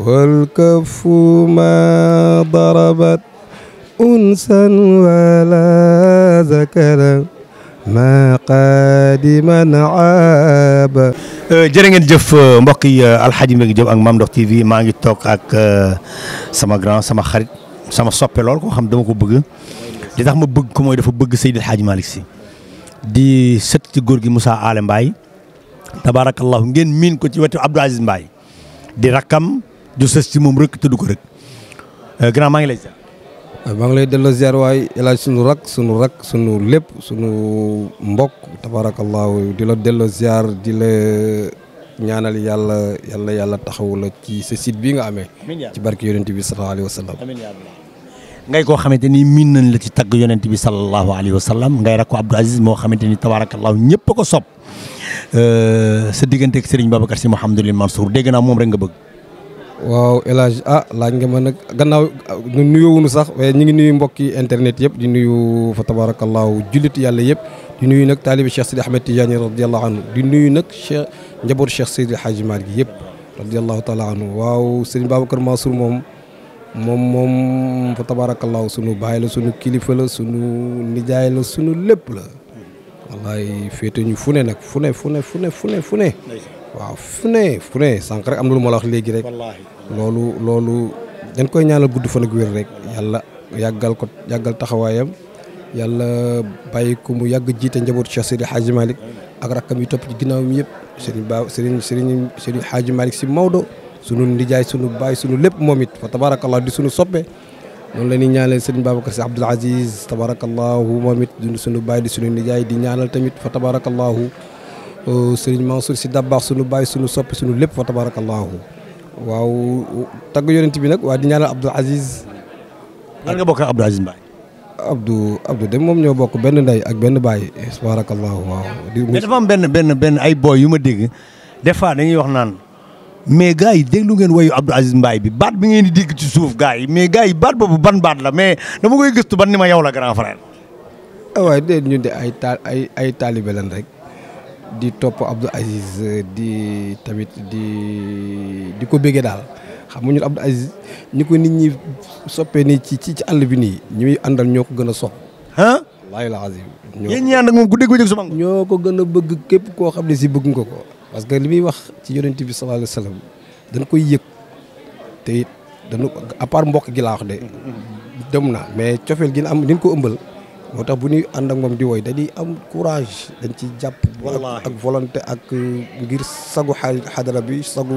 والكف ما ضربت أنسا ولا ذكرا ma qadiman aab jërë ngeen jëf mbokk yi alxaaji Mbéngue Diop ak Mame Ndokh TV maa ngi toog ak sama grand sama xarit sama soppe lool koo xam dama ko bëgg li tax ma bëgg ko mooy dafa bëgg Seydi El Hadji Malick Sy di sët ci góor gi Moussa Allé Mbaye ngeen miin ko ci wetu Abdou Aziz Mbaye di rakkam ju sës ci moom rëkk te ko rëkk euh, grand maa ngi lay ziar. Euh, maa delloo ziar waay El sunu rak sunu rak sunu lépp sunu mbokk tabaarakallaahu di la delloo ziar di la ñaanal yàlla yàlla yàlla taxawu la ci sa site bi nga amee. ci barke yonent bi sa alayhi wa sallam. ngay koo xamante ni miin nañ la ci tagg yonent bi sallallahu alayhi wa sallam ngay rakk ko Aziz moo xamante ni tabaarakallaahu ñëpp ko sopp euh, sa diggante ak Serigne Babacar Sy Mouhamadul Mansour dégg moom rek nga bëgg. waaw El Hadj ah laaj nga nag gannaaw nuyuwunu sax waaye ñu ngi nuyu mbokki internet yëpp di nuyu fa tabaarakallaahu jullit yàlla yëpp di nuyu nag taalibi Cheikh Sidi Ahmed Tidiane radiallahu anhu di nuyu nag Cheikh njaboot Cheikh Sidi Hadji Malick gi yëpp radiallahu taala anhu waaw sëñ Babacar Mansour moom moom moom fa tabaarakallaahu sunu baay la sunu kilifa la sunu nijaay la sunu lépp la wallaay féete ñu fu ne nag fu ne fu ne waaw fu ne fu ne am na lu ma la léegi rek. loolu loolu dañ koy ñaanal gudd fan ak wér rek. yàlla yàggal ko yàggal taxawaayam yàlla bàyyi ko mu yàgg jiite njabootu Cheikh Seydi Hadji Malick ak rakkam yi topp ci ginnaawam yëpp Serigne Ba Serigne Serigne Serigne Hadji Malick si Maodo. sunu ndijaay sunu baay sunu lépp moom it fa tabaarakallah di sunu soppe noonu la ñuy ñaanal Serigne Babacar Sy Abdoul Aziz tabaarakallahu moom it di sunu baay di sunu nijaay di ñaanal tamit fa tabaarakallahu Euh, sëriñ Mansour si dabbaax sunu bàyyi sunu soppi sunu lépp fa tabaarakallaahu waaw tagg yonent bi nag waa di ñaanal Abdou Aziz. lan nga bokk ak Aziz Mbaye. Abdou de moom ñoo bokk benn ndey ak benn baay tabaarakallaahu waaw. mais am benn benn benn ay boy yu ma dégg des fois dañuy wax naan. mais gars yi déglu ngeen wayu Abdou Aziz Mbaye bi baat bi ngeen di dégg ci suuf gars yi mais gars yi baat boobu ban baat la mais dama koy gëstu ban ni ma yow la grand frère. Ah, waaw déedéet ñun de ay taal ay ay taalibe rek. di topp Abdou Aziz di tamit di di ko béggee daal xam nga ñun Abdou Aziz ñi ko nit ñi soppee ni ci ci àll bi nii ñu ñuy àndal ñoo ko gën a sopp ah wallaahi la azim yéen ñaan moom guddeeg bëccëg su ñoo ko gën a bëgg képp koo xam ne si bëgg nga ko parce que li muy wax ci yonent bi sallallahu alayhi wa koy yëg te it ko à mbokk gi laa wax de dem na mais cofeel gi na am ni ko ëmbal moo tax bu ñuy ànd ak moom di woy dañuy am courage dañ ci jàpp ak volonté ak euh, ngir sagu xadara bi sagu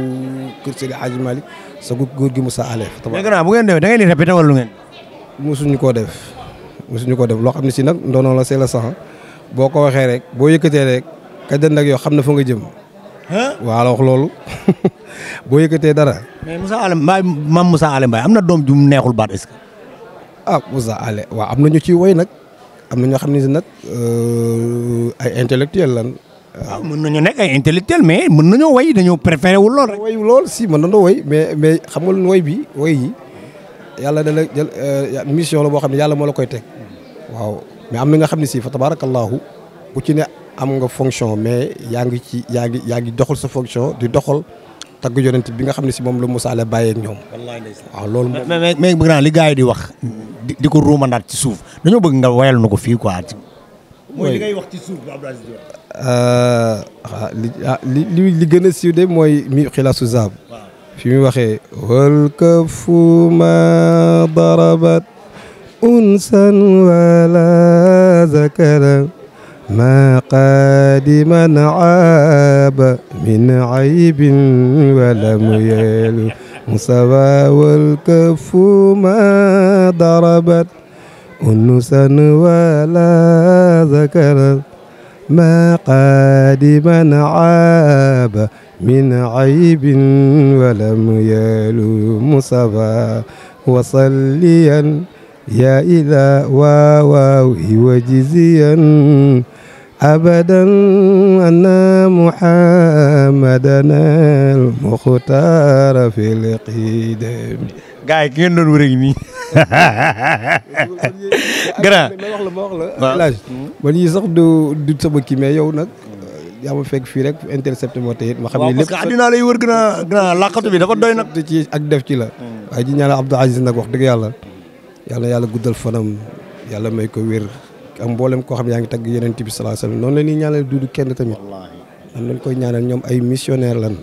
kër Seydi Hadji Malick sagu góor gi Moussa Alef bu ngeen def da ngeen di répété wala lu koo def mosuñu koo def loo xam ne si nag ndono la c'est la boo ko waxee rek boo yëkkatee rek ka dënd ak xam na fa nga jëm waa la loolu boo yëkkatee dara mais Moussa Alem Mbaye maam musa Alem Mbaye am na doom ju mu neexul baat est-ce que ah Moussa Ale waaw am na ñu ciy woy nag am na ñoo xam ne si nag euh, ay intellectuel lan. waaw mën nañu nekk ay intellectuel mais mën nañoo woy dañoo préféré wul lool rek. woy lool si mën nañoo woy mais mais xam nga lu woy bi woy yi yàlla da jël euh, mission la boo xam ne yàlla moo la koy teg waaw mais am na nga xam ne si fa tabaarakallaahu bu ci ne am nga fonction mais yaa ngi ci yaa ngi yaa ngi doxal sa fonction di doxal tagg yonent bi nga xam ne si moom la Moussa la bàyyeeg ñoom. a loolu moom. mais mais bëgg naa li gars yi di wax. di di ko ruumandaat ci suuf dañoo bëgg nga wayal na ko fii quoi. mooy li ngay wax ci euh, ah, ah, li gën a siiw mooy mi xilaasu zaab. fi mu waxee wal kafu darabat unsan wala zakara ما قادما عاب من عيب ولم يل مستوى والكف ما ضربت أنسا ولا ذكرت ما قادما عاب من عيب ولم يل مصفى وصليا يا إله واو وجزيا أبدا أن محمدنا المختار في القدم gaay ki ngeen doon wër nii. grand la ma la. village man yii sax du du sama kii mais yow nag. yaa ma fekk fii rek intercepté moo ma xam ne lépp. waaw lay wër gën a gën a làqatu bi dafa doy nag. ci ak def ci la. Hmm. waaye ji ñaanal Abdou Aziz nag wax dëgg yàlla. yàlla yàlla guddal fanam yàlla may ko wér am mboolem koo xam yaa ngi tagg yeneen bi sallallahu alayhi noon noonu la ñuy ñaanal duudu kenn tamit am lañ koy ñaanal ñoom ay missionnaire lan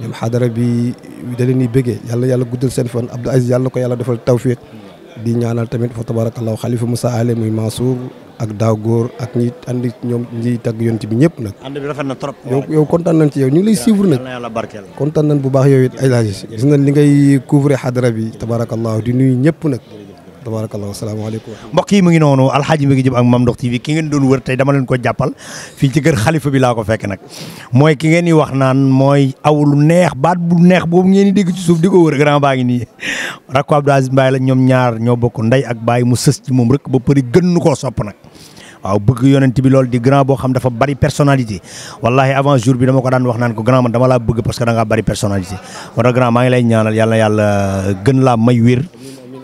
ñoom xadara bi da leen di bëggee yàlla yàlla guddal seen fan Abdou Aziz yàlla ko yalla defal tawfiq di ñaanal tamit fa tabarakallahu xalifa Moussa Ale muy Mansour ak daaw góor ak ñi andi ñoom ñi tagg yonent bi ñëpp nag. ànd bi na trop. yow yow kontaan nañ ci yow ñu ngi lay suivre nag. kontaan nañ bu baax yow it ay laaj gis nañ li ngay couvrir bi tabarakallahu di nuyu ñëpp nag. tabarakallah salaamaaleykum mbokk yi mu ngi noonu alxaaji mi ngi jëm ak Mame Ndokh TV ki ngeen doon wër tey dama leen ko jàppal fii ci kër xalifa bi laa ko fekk nag mooy ki ngeen di wax naan mooy aw neex baat bu neex boobu ngeen di dégg suuf di ko wër grand baa ngi nii rakko Abdou Aziz Mbaye la ñoom ñaar ñoo bokk ndey ak baay mu sës ci moom rek ba përi gën nu koo sopp nag waaw bëgg yonent bi lool di grand boo xam dafa bari personnalité wallahi avant jour bi dama ko daan wax naan ko grand man dama laa bëgg parce que bari personnalité wala maa ngi lay ñaanal yàlla yàlla gën laa may wér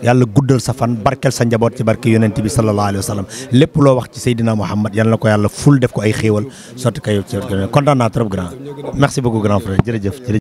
yàlla guddal sa fan barkel sa njaboot ci barke yonent bi sallallahu alayhi wa sallam lépp loo wax ci Seydina Mouhamed yal na ko yàlla ful def ko ay xéewal sotti ko yow ci kontaan naa trop grand merci beaucoup grand frère jërëjëf jërëjëf